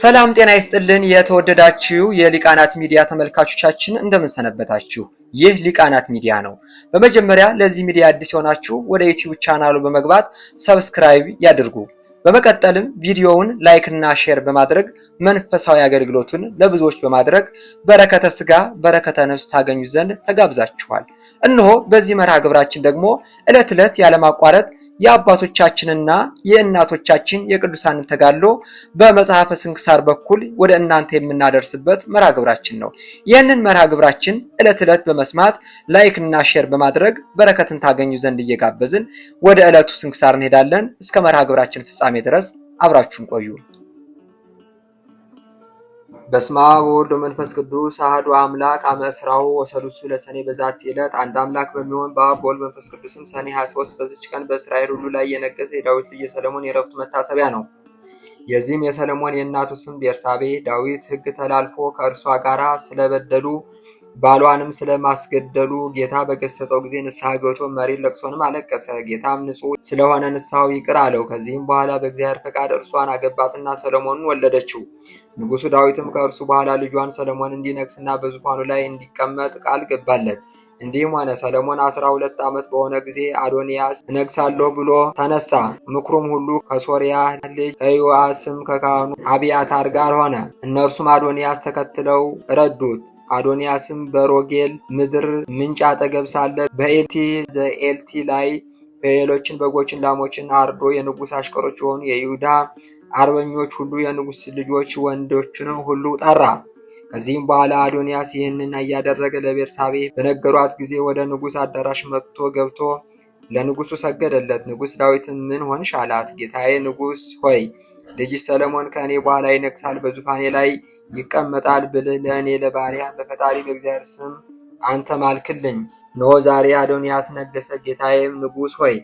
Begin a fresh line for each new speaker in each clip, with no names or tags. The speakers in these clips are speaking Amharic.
ሰላም ጤና ይስጥልን። የተወደዳችሁ የሊቃናት ሚዲያ ተመልካቾቻችን እንደምን ሰነበታችሁ? ይህ ሊቃናት ሚዲያ ነው። በመጀመሪያ ለዚህ ሚዲያ አዲስ የሆናችሁ ወደ ዩቲዩብ ቻናሉ በመግባት ሰብስክራይብ ያድርጉ። በመቀጠልም ቪዲዮውን እና ሼር በማድረግ መንፈሳዊ አገልግሎቱን ለብዙዎች በማድረግ በረከተ ስጋ በረከተ ነፍስ ታገኙ ዘንድ ተጋብዛችኋል። እነሆ በዚህ መርሃ ግብራችን ደግሞ ዕለት ዕለት ያለማቋረጥ የአባቶቻችንና የእናቶቻችን የቅዱሳን ተጋድሎ በመጽሐፈ ስንክሳር በኩል ወደ እናንተ የምናደርስበት መርሃ ግብራችን ነው። ይህንን መርሃ ግብራችን ዕለት ዕለት በመስማት ላይክ እና ሼር በማድረግ በረከትን ታገኙ ዘንድ እየጋበዝን ወደ ዕለቱ ስንክሳር እንሄዳለን። እስከ መርሃ ግብራችን ፍጻሜ ድረስ አብራችሁን ቆዩ። በስማ ወወልድ መንፈስ ቅዱስ አህዱ አምላክ አመ እስራሁ ወሰሉሱ ለሰኔ በዛቲ ዕለት አንድ አምላክ በሚሆን በአብ መንፈስ ቅዱስም ሰኔ 23 በዚች ቀን በእስራኤል ሁሉ ላይ የነገሰ የዳዊት ልጅ የሰለሞን የእረፍት መታሰቢያ ነው። የዚህም የሰለሞን የእናቱ ስም ቤርሳቤ ዳዊት ሕግ ተላልፎ ከእርሷ ጋራ ስለበደሉ ባሏንም ስለማስገደሉ ጌታ በገሰጸው ጊዜ ንስሐ ገብቶ መሪር ለቅሶንም አለቀሰ። ጌታም ንጹሕ ስለሆነ ንስሐው ይቅር አለው። ከዚህም በኋላ በእግዚአብሔር ፈቃድ እርሷን አገባትና ሰሎሞንን ወለደችው። ንጉሱ ዳዊትም ከእርሱ በኋላ ልጇን ሰለሞን እንዲነግስና በዙፋኑ ላይ እንዲቀመጥ ቃል ገባለት። እንዲህም ሆነ። ሰለሞን አስራ ሁለት ዓመት በሆነ ጊዜ አዶንያስ እነግሳለሁ ብሎ ተነሳ። ምክሩም ሁሉ ከሶርያ ልጅ ከዮአስም ከካህኑ አብያታር ጋር ሆነ። እነርሱም አዶንያስ ተከትለው ረዱት። አዶንያስም በሮጌል ምድር ምንጭ አጠገብ ሳለ በኤልቲ ዘኤልቲ ላይ በሌሎችን በጎችን፣ ላሞችን አርዶ የንጉሥ አሽከሮች የሆኑ የይሁዳ አርበኞች ሁሉ የንጉሥ ልጆች ወንዶችንም ሁሉ ጠራ። ከዚህም በኋላ አዶንያስ ይህንን እያደረገ ለቤርሳቤ በነገሯት ጊዜ ወደ ንጉሥ አዳራሽ መጥቶ ገብቶ ለንጉሱ ሰገደለት። ንጉሥ ዳዊትን ምን ሆንሽ አላት። ጌታዬ ንጉሥ ሆይ ልጅ ሰለሞን ከእኔ በኋላ ይነግሳል፣ በዙፋኔ ላይ ይቀመጣል ብልህ ለእኔ ለባሪያ በፈጣሪ በእግዚአብሔር ስም አንተ ማልክልኝ። እነሆ ዛሬ አዶንያስ ነገሰ፣ ጌታዬም ንጉሥ ሆይ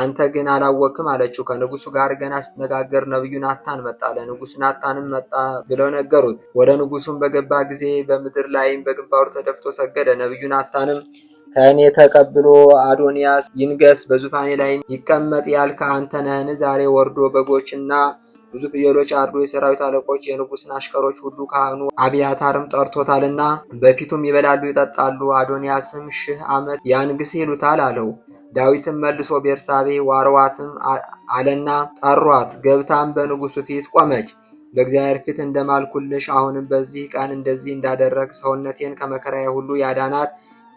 አንተ ግን አላወክም አለችው። ከንጉሱ ጋር ገና ስትነጋገር ነቢዩ ናታን መጣ። ለንጉሱ ናታንም መጣ ብለው ነገሩት። ወደ ንጉሱም በገባ ጊዜ በምድር ላይም በግንባሩ ተደፍቶ ሰገደ። ነቢዩ ናታንም ከእኔ ተቀብሎ አዶንያስ ይንገስ፣ በዙፋኔ ላይም ይቀመጥ ያልከ አንተ ነህን? ዛሬ ወርዶ በጎችና ብዙ ፍየሎች አርዶ የሰራዊት አለቆች የንጉስን አሽከሮች ሁሉ ካህኑ አብያታርም ጠርቶታልና በፊቱም ይበላሉ ይጠጣሉ። አዶንያስም ሺህ ዓመት ያንግስ ይሉታል አለው። ዳዊትም መልሶ ቤርሳቤ ዋርዋትም አለና ጠሯት። ገብታም በንጉሱ ፊት ቆመች። በእግዚአብሔር ፊት እንደማልኩልሽ አሁንም በዚህ ቀን እንደዚህ እንዳደረግ ሰውነቴን ከመከራዬ ሁሉ ያዳናት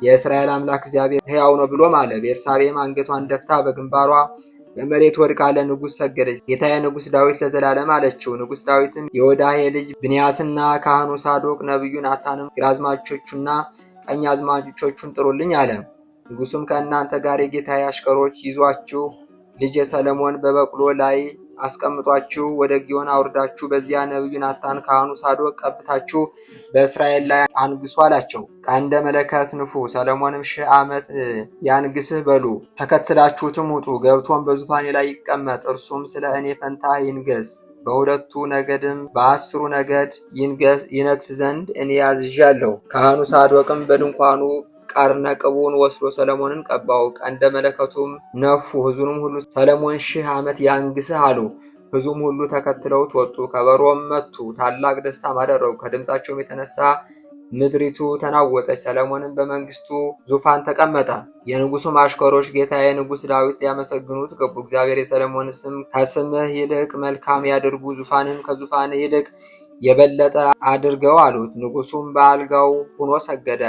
የእስራኤል አምላክ እግዚአብሔር ሕያው ነው ብሎ ማለ። ቤርሳቤም አንገቷን ደፍታ በግንባሯ በመሬት ወድቃ ለንጉሥ ሰገደች። ጌታዬ ንጉሥ ዳዊት ለዘላለም አለችው። ንጉሥ ዳዊትም የወዳሄ ልጅ ብንያስና ካህኑ ሳዶቅ ነቢዩ ናታንም ግራዝማቾቹና ቀኝ አዝማቾቹን ጥሩልኝ አለ። ንጉሱም ከእናንተ ጋር የጌታዬ አሽከሮች ይዟችሁ ልጄ ሰለሞን በበቅሎ ላይ አስቀምጧችሁ ወደ ጊዮን አውርዳችሁ በዚያ ነቢዩ ናታን ካህኑ ሳዶቅ ቀብታችሁ በእስራኤል ላይ አንግሱ አላቸው። ከአንደ መለከት ንፉ፣ ሰለሞንም ሺህ ዓመት ያንግስህ በሉ። ተከትላችሁትም ውጡ። ገብቶም በዙፋኔ ላይ ይቀመጥ፣ እርሱም ስለ እኔ ፈንታ ይንገስ። በሁለቱ ነገድም በአስሩ ነገድ ይነግስ ዘንድ እኔ አዝዣለሁ። ካህኑ ሳዶቅም በድንኳኑ ቃርና ቅቡን ወስዶ ሰለሞንን ቀባው። ቀንደ መለከቱም ነፉ። ሕዝቡም ሁሉ ሰለሞን ሺህ ዓመት ያንግስህ አሉ። ህዙም ሁሉ ተከትለውት ወጡ። ከበሮም መቱ። ታላቅ ደስታም አደረጉ። ከድምፃቸውም የተነሳ ምድሪቱ ተናወጠች። ሰለሞንም በመንግስቱ ዙፋን ተቀመጠ። የንጉሱም አሽከሮች ጌታዬ ንጉስ ዳዊት ሊያመሰግኑት ገቡ። እግዚአብሔር የሰለሞን ስም ከስምህ ይልቅ መልካም ያድርጉ፣ ዙፋንህም ከዙፋንህ ይልቅ የበለጠ አድርገው አሉት። ንጉሱም በአልጋው ሆኖ ሰገደ።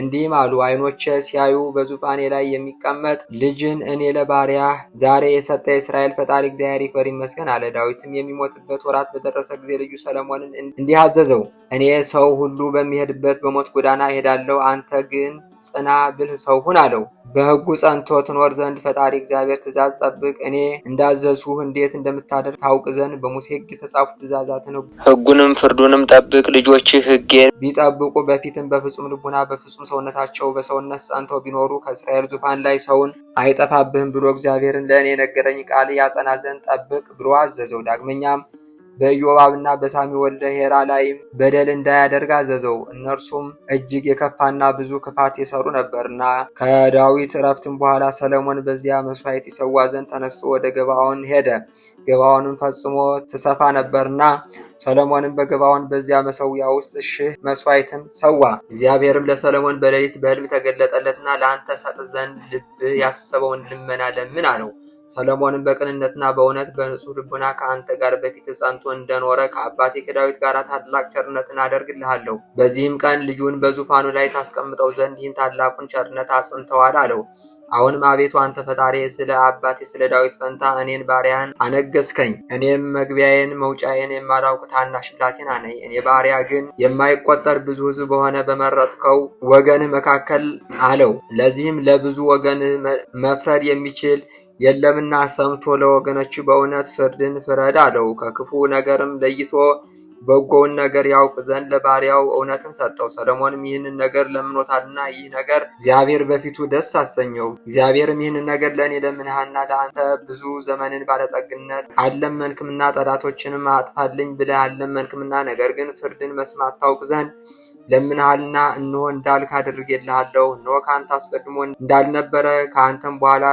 እንዲህም አሉ፣ ዓይኖቼ ሲያዩ በዙፋኔ ላይ የሚቀመጥ ልጅን እኔ ለባሪያ ዛሬ የሰጠ የእስራኤል ፈጣሪ እግዚአብሔር ይክበር ይመስገን አለ። ዳዊትም የሚሞትበት ወራት በደረሰ ጊዜ ልጁ ሰለሞንን እንዲህ አዘዘው፣ እኔ ሰው ሁሉ በሚሄድበት በሞት ጎዳና እሄዳለሁ፣ አንተ ግን ጽና፣ ብልህ ሰው ሁን አለው። በሕጉ ጸንቶ ትኖር ዘንድ ፈጣሪ እግዚአብሔር ትእዛዝ ጠብቅ፣ እኔ እንዳዘዝሁህ እንዴት እንደምታደርግ ታውቅ ዘንድ በሙሴ ሕግ የተጻፉ ትእዛዛትን ሕጉንም ፍርዱንም ጠብቅ። ልጆችህ ሕጌን ቢጠብቁ በፊትም በፍጹም ልቡና በፍጹም ሰውነታቸው በሰውነት ጸንተው ቢኖሩ ከእስራኤል ዙፋን ላይ ሰውን አይጠፋብህም ብሎ እግዚአብሔርን ለእኔ የነገረኝ ቃል ያጸና ዘንድ ጠብቅ ብሎ አዘዘው። ዳግመኛም በኢዮባብና በሳሚ ወልደ ሄራ ላይም በደል እንዳያደርግ አዘዘው። እነርሱም እጅግ የከፋና ብዙ ክፋት የሰሩ ነበርና። ከዳዊት እረፍትም በኋላ ሰለሞን በዚያ መስዋዕት ይሰዋ ዘንድ ተነስቶ ወደ ገባዖን ሄደ። ገባዖንም ፈጽሞ ትሰፋ ነበርና ሰለሞንም በገባዖን በዚያ መሰዊያ ውስጥ ሺህ መስዋዕትን ሰዋ። እግዚአብሔርም ለሰለሞን በሌሊት በሕልም ተገለጠለትና ለአንተ ሰጥ ዘንድ ልብህ ያሰበውን ልመና ለምን አለው። ሰሎሞንም በቅንነትና በእውነት በንጹህ ልቡና ከአንተ ጋር በፊት ጸንቶ እንደኖረ ከአባቴ ከዳዊት ጋር ታላቅ ቸርነትን አደርግልሃለሁ። በዚህም ቀን ልጁን በዙፋኑ ላይ ታስቀምጠው ዘንድ ይህን ታላቁን ቸርነት አጽንተዋል አለው። አሁንም አቤቱ አንተ ፈጣሪ ስለ አባቴ ስለ ዳዊት ፈንታ እኔን ባሪያን አነገስከኝ። እኔም መግቢያዬን መውጫዬን የማላውቅ ታናሽ ብላቴና ነኝ። እኔ ባሪያ ግን የማይቆጠር ብዙ ሕዝብ በሆነ በመረጥከው ወገንህ መካከል አለው። ለዚህም ለብዙ ወገን መፍረድ የሚችል የለምና ሰምቶ ለወገኖቹ በእውነት ፍርድን ፍረድ አለው። ከክፉ ነገርም ለይቶ በጎውን ነገር ያውቅ ዘንድ ለባሪያው እውነትን ሰጠው። ሰለሞንም ይህንን ነገር ለምኖታልና ይህ ነገር እግዚአብሔር በፊቱ ደስ አሰኘው። እግዚአብሔርም ይህንን ነገር ለእኔ ለምንሃና ለአንተ ብዙ ዘመንን ባለጠግነት አለመንክምና ጠላቶችንም አጥፋልኝ ብለህ አለመንክምና ነገር ግን ፍርድን መስማት ታውቅ ዘንድ ለምንሃልና እንሆ እንዳልክ አድርጌልሃለሁ። እንሆ ከአንተ አስቀድሞ እንዳልነበረ ከአንተም በኋላ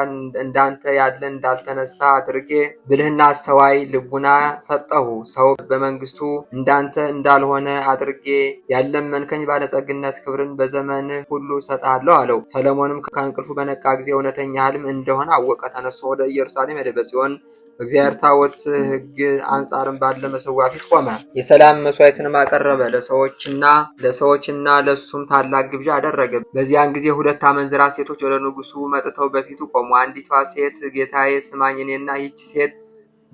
እንዳንተ ያለ እንዳልተነሳ አድርጌ ብልህና አስተዋይ ልቡና ሰጠሁ። ሰው በመንግስቱ እንዳንተ እንዳልሆነ አድርጌ መንከኝ ባለጸግነት ክብርን በዘመንህ ሁሉ እሰጥሃለሁ አለው። ሰለሞንም ከእንቅልፉ በነቃ ጊዜ እውነተኛ ህልም እንደሆነ አወቀ። ተነሶ ወደ ኢየሩሳሌም ሄደ። በጽዮን በእግዚአብሔር ታቦት ሕግ አንጻርም ባለ መሰዋ ፊት ቆመ። የሰላም መስዋዕትንም አቀረበ ለሰዎችና ለሰዎችና ለሱም ታላቅ ግብዣ አደረገ። በዚያን ጊዜ ሁለት አመንዝራ ሴቶች ወደ ንጉሱ መጥተው በፊቱ ቆሙ። አንዲቷ ሴት ጌታዬ ስማኝኔና ይህች ሴት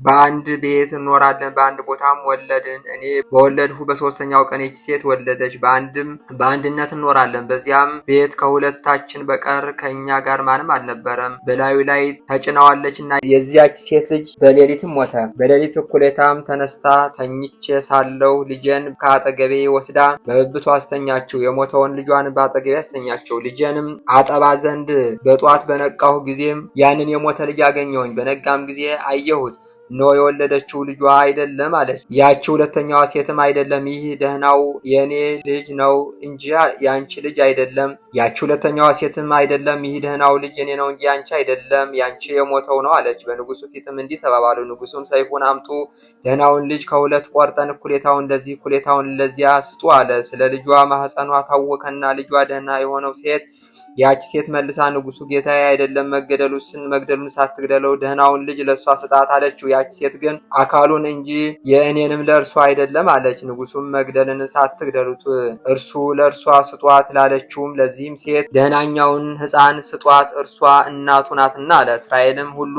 በአንድ ቤት እንኖራለን፣ በአንድ ቦታም ወለድን። እኔ በወለድሁ በሶስተኛው ቀን ይች ሴት ወለደች። በአንድም በአንድነት እንኖራለን። በዚያም ቤት ከሁለታችን በቀር ከእኛ ጋር ማንም አልነበረም። በላዩ ላይ ተጭናዋለች እና የዚያች ሴት ልጅ በሌሊትም ሞተ። በሌሊት እኩሌታም ተነስታ ተኝቼ ሳለሁ ልጄን ከአጠገቤ ወስዳ በብብቱ አስተኛችው። የሞተውን ልጇን በአጠገቤ አስተኛችው። ልጄንም አጠባ ዘንድ በጧት በነቃሁ ጊዜም ያንን የሞተ ልጅ አገኘሁኝ። በነጋም ጊዜ አየሁት። ኖ የወለደችው ልጇ አይደለም አለች። ያቺ ሁለተኛዋ ሴትም አይደለም ይህ ደህናው የእኔ ልጅ ነው እንጂ የአንቺ ልጅ አይደለም። ያቺ ሁለተኛዋ ሴትም አይደለም ይህ ደህናው ልጅ የኔ ነው እንጂ አንቺ አይደለም፣ ያንቺ የሞተው ነው አለች። በንጉሱ ፊትም እንዲህ ተባባሉ። ንጉሱም ሰይፉን አምጡ፣ ደህናውን ልጅ ከሁለት ቆርጠን እኩሌታውን እንደዚህ እኩሌታውን ለዚያ ስጡ አለ። ስለ ልጇ ማህፀኗ ታወከና ልጇ ደህና የሆነው ሴት ያች ሴት መልሳ ንጉሱ ጌታዬ አይደለም ስን መግደሉን ሳትግደለው ደህናውን ልጅ ለእሷ ስጣት አለችው። ያች ሴት ግን አካሉን እንጂ የእኔንም ለእርሷ አይደለም አለች። ንጉሱም መግደልን ሳትግደሉት እርሱ ለእርሷ ስጧት ላለችውም ለዚህም ሴት ደህናኛውን ሕፃን ስጧት እርሷ እናቱ ናትና አለ። እስራኤልም ሁሉ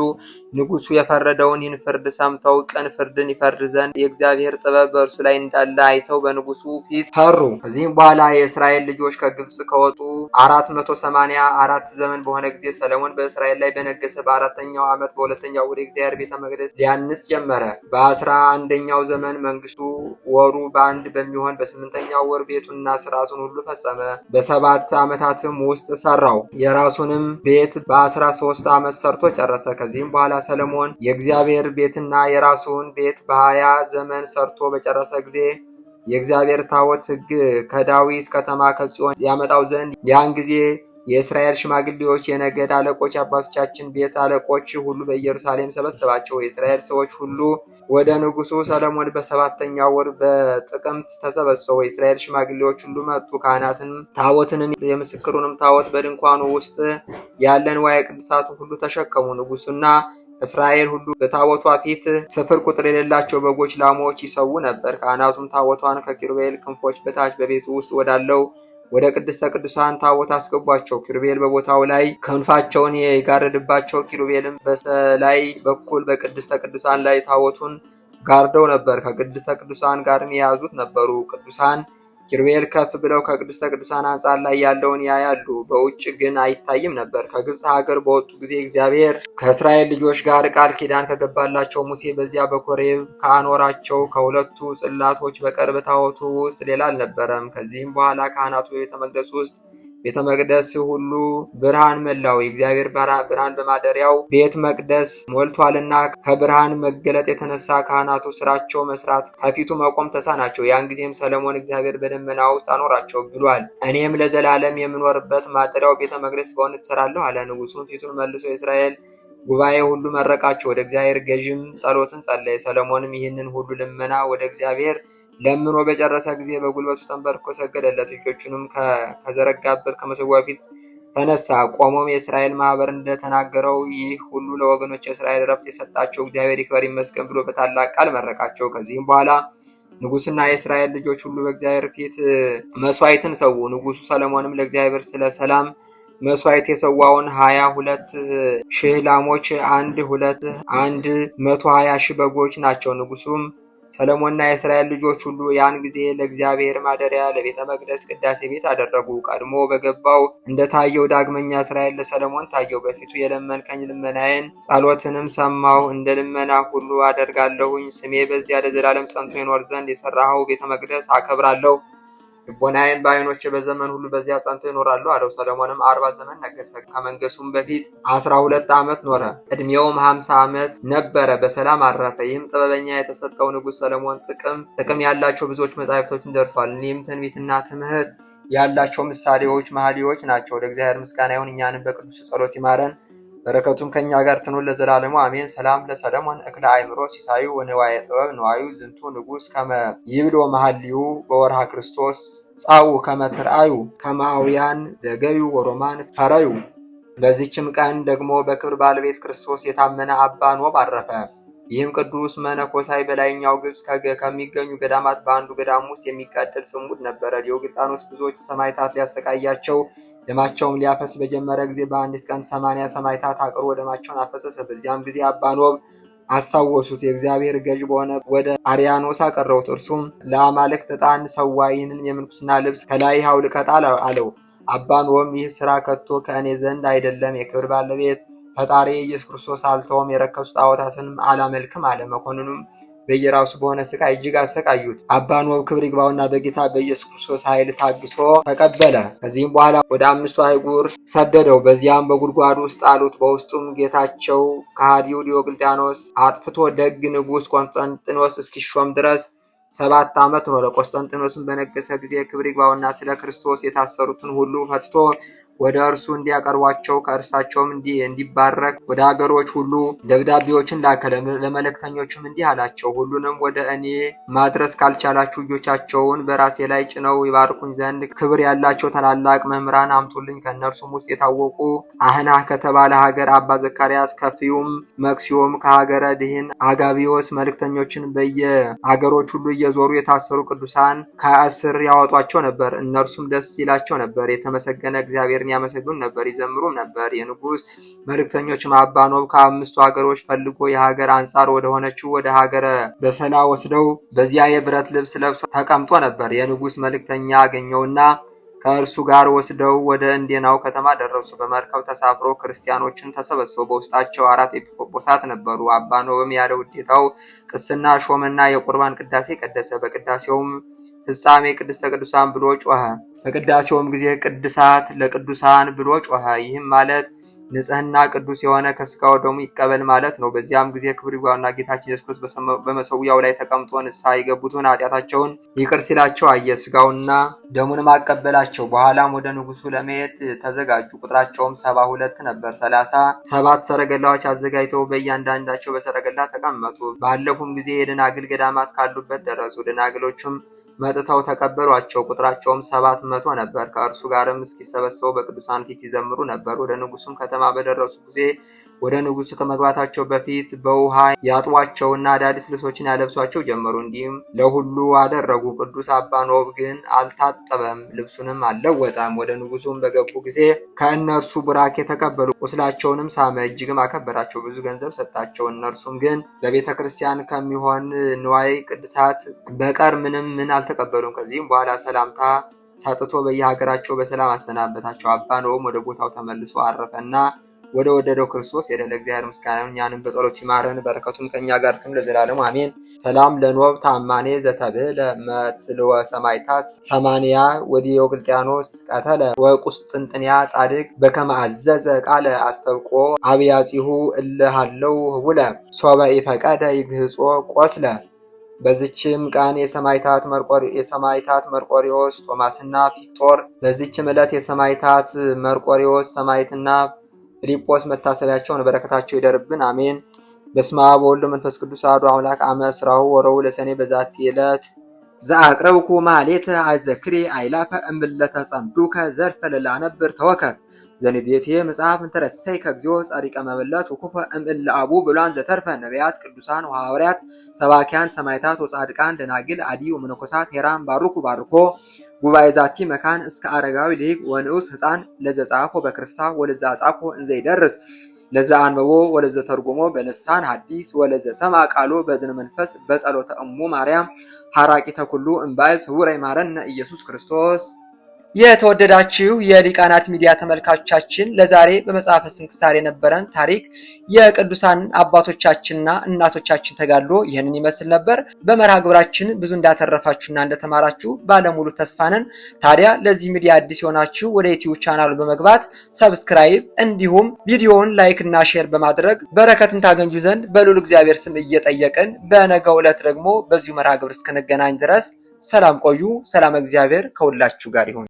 ንጉሱ የፈረደውን ይህን ፍርድ ሰምተው ቅን ፍርድን ይፈርድ ዘንድ የእግዚአብሔር ጥበብ በእርሱ ላይ እንዳለ አይተው በንጉሱ ፊት ፈሩ። ከዚህም በኋላ የእስራኤል ልጆች ከግብፅ ከወጡ አራት መቶ ሰማንያ አራት ዘመን በሆነ ጊዜ ሰለሞን በእስራኤል ላይ በነገሰ በአራተኛው ዓመት በሁለተኛው ወደ እግዚአብሔር ቤተ መቅደስ ሊያንስ ጀመረ። በአስራ አንደኛው ዘመን መንግስቱ ወሩ በአንድ በሚሆን በስምንተኛው ወር ቤቱንና ስርዓቱን ሁሉ ፈጸመ። በሰባት ዓመታትም ውስጥ ሰራው። የራሱንም ቤት በአስራ ሶስት ዓመት ሰርቶ ጨረሰ። ከዚህም በኋላ ሰለሞን የእግዚአብሔር ቤትና የራሱን ቤት በሀያ ዘመን ሰርቶ በጨረሰ ጊዜ የእግዚአብሔር ታቦት ሕግ ከዳዊት ከተማ ከጽዮን ያመጣው ዘንድ ያን ጊዜ የእስራኤል ሽማግሌዎች፣ የነገድ አለቆች፣ አባቶቻችን ቤት አለቆች ሁሉ በኢየሩሳሌም ሰበሰባቸው። የእስራኤል ሰዎች ሁሉ ወደ ንጉሱ ሰለሞን በሰባተኛው ወር በጥቅምት ተሰበሰቡ። የእስራኤል ሽማግሌዎች ሁሉ መጡ። ካህናትንም ታቦትንም የምስክሩንም ታቦት በድንኳኑ ውስጥ ያለን ንዋየ ቅድሳት ሁሉ ተሸከሙ። ንጉሱና እስራኤል ሁሉ በታቦቷ ፊት ስፍር ቁጥር የሌላቸው በጎች፣ ላሞች ይሰዉ ነበር። ካህናቱም ታቦቷን ከኪሩቤል ክንፎች በታች በቤቱ ውስጥ ወዳለው ወደ ቅድስተ ቅዱሳን ታቦት አስገቧቸው። ኪሩቤል በቦታው ላይ ክንፋቸውን የጋረድባቸው፣ ኪሩቤልም በላይ በኩል በቅድስተ ቅዱሳን ላይ ታቦቱን ጋርደው ነበር። ከቅድስተ ቅዱሳን ጋርም የያዙት ነበሩ። ቅዱሳን ኪሩቤል ከፍ ብለው ከቅድስተ ቅዱሳን አንጻር ላይ ያለውን ያያሉ፣ በውጭ ግን አይታይም ነበር። ከግብፅ ሀገር በወጡ ጊዜ እግዚአብሔር ከእስራኤል ልጆች ጋር ቃል ኪዳን ከገባላቸው ሙሴ በዚያ በኮሬብ ከአኖራቸው ከሁለቱ ጽላቶች በቀር በታቦቱ ውስጥ ሌላ አልነበረም። ከዚህም በኋላ ካህናቱ በቤተ መቅደስ ውስጥ ቤተ መቅደስ ሁሉ ብርሃን መላው የእግዚአብሔር ብርሃን በማደሪያው ቤት መቅደስ ሞልቷልና ከብርሃን መገለጥ የተነሳ ካህናቱ ስራቸው መስራት ከፊቱ መቆም ተሳናቸው። ያን ጊዜም ሰለሞን እግዚአብሔር በደመና ውስጥ አኖራቸው ብሏል። እኔም ለዘላለም የምኖርበት ማደሪያው ቤተ መቅደስ በሆን ትሰራለሁ አለ። ንጉሱም ፊቱን መልሶ የእስራኤል ጉባኤ ሁሉ መረቃቸው። ወደ እግዚአብሔር ገዥም ጸሎትን ጸለየ። ሰለሞንም ይህንን ሁሉ ልመና ወደ እግዚአብሔር ለምኖ በጨረሰ ጊዜ በጉልበቱ ተንበርኮ ሰገደለት። እጆቹንም ከዘረጋበት ከመሰዊያው ፊት ተነሳ። ቆሞም የእስራኤል ማህበር እንደተናገረው ይህ ሁሉ ለወገኖች የእስራኤል ረፍት የሰጣቸው እግዚአብሔር ይክበር ይመስገን ብሎ በታላቅ ቃል መረቃቸው። ከዚህም በኋላ ንጉስና የእስራኤል ልጆች ሁሉ በእግዚአብሔር ፊት መስዋዕትን ሰው። ንጉሱ ሰለሞንም ለእግዚአብሔር ስለ ሰላም መስዋዕት የሰዋውን ሀያ ሁለት ሺህ ላሞች፣ አንድ ሁለት አንድ መቶ ሀያ ሺህ በጎች ናቸው። ንጉሱም ሰለሞንና የእስራኤል ልጆች ሁሉ ያን ጊዜ ለእግዚአብሔር ማደሪያ ለቤተ መቅደስ ቅዳሴ ቤት አደረጉ። ቀድሞ በገባው እንደታየው ዳግመኛ እስራኤል ለሰለሞን ታየው። በፊቱ የለመንከኝ ልመናዬን ጸሎትንም ሰማሁ፣ እንደ ልመና ሁሉ አደርጋለሁኝ። ስሜ በዚያ ለዘላለም ጸንቶ ይኖር ዘንድ የሰራኸው ቤተ መቅደስ አከብራለሁ። ልቦናዬን በዓይኖች በዘመን ሁሉ በዚያ ጸንቶ ይኖራሉ አለው። ሰለሞንም አርባ ዘመን ነገሰ። ከመንገሱም በፊት አስራ ሁለት ዓመት ኖረ። እድሜውም ሀምሳ ዓመት ነበረ፣ በሰላም አረፈ። ይህም ጥበበኛ የተሰጠው ንጉሥ ሰለሞን ጥቅም ጥቅም ያላቸው ብዙዎች መጻሕፍቶችን ደርሷል። እኒህም ትንቢትና ትምህርት ያላቸው ምሳሌዎች፣ መሐሌዎች ናቸው። ለእግዚአብሔር ምስጋና ይሁን። እኛንም በቅዱስ ጸሎት ይማረን። በረከቱም ከእኛ ጋር ትኑር ለዘላለሙ አሜን። ሰላም ለሰለሞን እክለ አይምሮ ሲሳዩ ወንዋየ ጥበብ ነዋዩ ዝንቱ ንጉስ ከመ ይብሎ መሃልዩ በወርሃ ክርስቶስ ጻው ከመትርአዩ ከማውያን ዘገዩ ወሮማን ፈረዩ። በዚችም ቀን ደግሞ በክብር ባለቤት ክርስቶስ የታመነ አባ ኖብ አረፈ። ይህም ቅዱስ መነኮሳይ በላይኛው ግብጽ ከሚገኙ ገዳማት በአንዱ ገዳም ውስጥ የሚቀደል ጽሙድ ነበረ። ዲዮቅልጥያኖስ ብዙዎች ሰማይታት ሊያሰቃያቸው ደማቸውም ሊያፈስ በጀመረ ጊዜ በአንዲት ቀን ሰማንያ ሰማይታት አቅርቦ ደማቸውን አፈሰሰ። በዚያም ጊዜ አባ አስታወሱት። የእግዚአብሔር ገዥ በሆነ ወደ አሪያኖስ አቀረቡት። እርሱም ለአማልክት ዕጣን ሰዋ፣ ይህንም የምንኩስና ልብስ ከላይ አውልቀህ አለው። አባኖም ይህ ስራ ከቶ ከእኔ ዘንድ አይደለም፣ የክብር ባለቤት ፈጣሪ ኢየሱስ ክርስቶስ አልተውም የረከሱ ጣዖታትንም አላመልክም አለ። መኮንኑም በየራሱ በሆነ ስቃይ እጅግ አሰቃዩት። አባ ኖብ ክብር ይግባውና በጌታ በኢየሱስ ክርስቶስ ኃይል ታግሶ ተቀበለ። ከዚህም በኋላ ወደ አምስቱ አህጉር ሰደደው። በዚያም በጉድጓድ ውስጥ ጣሉት። በውስጡም ጌታቸው ከሃዲው ዲዮቅልጥያኖስ አጥፍቶ ደግ ንጉሥ ቆንስጠንጥኖስ እስኪሾም ድረስ ሰባት ዓመት ኖረ። ቆስጠንጢኖስን በነገሰ ጊዜ ክብር ይግባውና ስለ ክርስቶስ የታሰሩትን ሁሉ ፈትቶ ወደ እርሱ እንዲያቀርቧቸው ከእርሳቸውም እንዲባረክ ወደ ሀገሮች ሁሉ ደብዳቤዎችን ላከ። ለመልእክተኞችም እንዲህ አላቸው፣ ሁሉንም ወደ እኔ ማድረስ ካልቻላችሁ እጆቻቸውን በራሴ ላይ ጭነው ይባርኩኝ ዘንድ ክብር ያላቸው ታላላቅ መምህራን አምጡልኝ። ከእነርሱም ውስጥ የታወቁ አህናህ ከተባለ ሀገር አባ ዘካርያስ፣ ከፊዩም መክሲዮም ከሀገረ ድህን አጋቢዎስ መልእክተኞችን በየአገሮች ሁሉ እየዞሩ የታሰሩ ቅዱሳን ከእስር ያወጧቸው ነበር። እነርሱም ደስ ይላቸው ነበር የተመሰገነ እግዚአብሔርን የሚያመሰግኑ ነበር፣ ይዘምሩም ነበር። የንጉሥ መልእክተኞችም አባ ኖብ ከአምስቱ ሀገሮች ፈልጎ የሀገር አንጻር ወደሆነችው ወደ ሀገረ በሰላ ወስደው በዚያ የብረት ልብስ ለብሶ ተቀምጦ ነበር። የንጉስ መልእክተኛ አገኘውና ከእርሱ ጋር ወስደው ወደ እንዴናው ከተማ ደረሱ። በመርከብ ተሳፍሮ ክርስቲያኖችን ተሰበሰቡ። በውስጣቸው አራት ኤጲስቆጶሳት ነበሩ። አባ ኖብም ያለ ውዴታው ቅስና ሾመና የቁርባን ቅዳሴ ቀደሰ። በቅዳሴውም ፍጻሜ ቅድስተ ቅዱሳን ብሎ ጮኸ። በቅዳሴውም ጊዜ ቅድሳት ለቅዱሳን ብሎ ጮኸ። ይህም ማለት ንጽህና ቅዱስ የሆነ ከስጋው ደሙ ይቀበል ማለት ነው። በዚያም ጊዜ ክብር ይግባውና ጌታችን ኢየሱስ ክርስቶስ በመሰዊያው ላይ ተቀምጦ ንስሐ የገቡትን ኃጢአታቸውን ይቅር ሲላቸው አየ። ስጋውና ደሙንም አቀበላቸው። በኋላም ወደ ንጉሱ ለመሄድ ተዘጋጁ። ቁጥራቸውም ሰባ ሁለት ነበር። ሰላሳ ሰባት ሰረገላዎች አዘጋጅተው በእያንዳንዳቸው በሰረገላ ተቀመጡ። ባለፉም ጊዜ የደናግል ገዳማት ካሉበት ደረሱ። ደናግሎቹም መጥተው ተቀበሏቸው። ቁጥራቸውም ሰባት መቶ ነበር። ከእርሱ ጋርም እስኪሰበሰቡ በቅዱሳን ፊት ይዘምሩ ነበር። ወደ ንጉሱም ከተማ በደረሱ ጊዜ ወደ ንጉሱ ከመግባታቸው በፊት በውሃ ያጥቧቸውና አዳዲስ ልብሶችን ያለብሷቸው ጀመሩ። እንዲህም ለሁሉ አደረጉ። ቅዱስ አባ ኖብ ግን አልታጠበም፣ ልብሱንም አልለወጠም። ወደ ንጉሱም በገቡ ጊዜ ከእነርሱ ቡራኬ ተቀበሉ። ቁስላቸውንም ሳመ፣ እጅግም አከበራቸው፣ ብዙ ገንዘብ ሰጣቸው። እነርሱም ግን ለቤተ ክርስቲያን ከሚሆን ንዋይ ቅድሳት በቀር ምንም ምን አልተቀበሉም። ከዚህም በኋላ ሰላምታ ሳጥቶ በየሀገራቸው በሰላም አሰናበታቸው። አባ ኖብም ወደ ቦታው ተመልሶ አረፈና ወደ ወደደው ክርስቶስ የደለ እግዚአብሔር ምስጋና እኛንም በጸሎት ይማረን፣ በረከቱም ከእኛ ጋር ትም ለዘላለሙ አሜን። ሰላም ለኖብ ታማኔ ዘተብዕለ ለመትልወ ሰማይታት ሰማንያ ወዲዮ ቅልጥያኖስ ቀተለ ወቁስጥንጥንያ ጻድቅ በከመ ቃለ አስተብቆ አብያጺሁ እልሃለው ውለ ሶበ ይፈቀደ ይግህጾ ቆስለ በዚችም ቀን የሰማይታት የሰማይታት መርቆሪዎስ ቶማስና ፊክቶር በዚችም ዕለት የሰማይታት መርቆሪዎስ ሰማይትና ፊልጶስ መታሰቢያቸውን በረከታቸው ይደርብን፣ አሜን። በስመ አብ ወወልድ ወመንፈስ ቅዱስ አሐዱ አምላክ አመ እስራሁ ወረቡዕ ለሰኔ በዛቲ ዕለት ዘአቅረብኩ ማሕሌተ አዘክሬ አይላፈ እምዕለ ጸምዱከ ዘርፈ ለለአነብር ተወከብ ዘንዴቴ መጽሐፍ እንተረሰይ ከእግዚኦ ጻድቀ መበለት ወኩፈ እምእለ አቡ ብሏን ዘተርፈ ነቢያት ቅዱሳን ወሐዋርያት ሰባኪያን ሰማይታት ወጻድቃን ደናግል አዲ መነኮሳት ሄራን ባርኩ ባርኮ ጉባኤ ዛቲ መካን እስከ አረጋዊ ሊግ ወንዑስ ህፃን ለዘጻፎ በክርስታ ወለዛ ጻፎ እንዘይደርስ ለዛ አንበቦ ወለዘ ተርጎሞ በልሳን ሐዲስ ወለዘ ሰማ ቃሉ በዝነ መንፈስ በጸሎተ እሙ ማርያም ሐራቂ ተኩሉ እምባይ ስውረይ ማረነ ኢየሱስ ክርስቶስ የተወደዳችሁ የሊቃናት ሚዲያ ተመልካቾቻችን ለዛሬ በመጽሐፈ ስንክሳር የነበረን ታሪክ የቅዱሳን አባቶቻችንና እናቶቻችን ተጋድሎ ይህንን ይመስል ነበር። በመርሃ ግብራችን ብዙ እንዳተረፋችሁና እንደተማራችሁ ባለሙሉ ተስፋነን። ታዲያ ለዚህ ሚዲያ አዲስ የሆናችሁ ወደ ዩቲዩብ ቻናሉ በመግባት ሰብስክራይብ፣ እንዲሁም ቪዲዮውን ላይክ እና ሼር በማድረግ በረከትን ታገኙ ዘንድ በልዑል እግዚአብሔር ስም እየጠየቅን በነገው ዕለት ደግሞ በዚሁ መርሃ ግብር እስክንገናኝ ድረስ ሰላም ቆዩ። ሰላም እግዚአብሔር ከሁላችሁ ጋር ይሁን።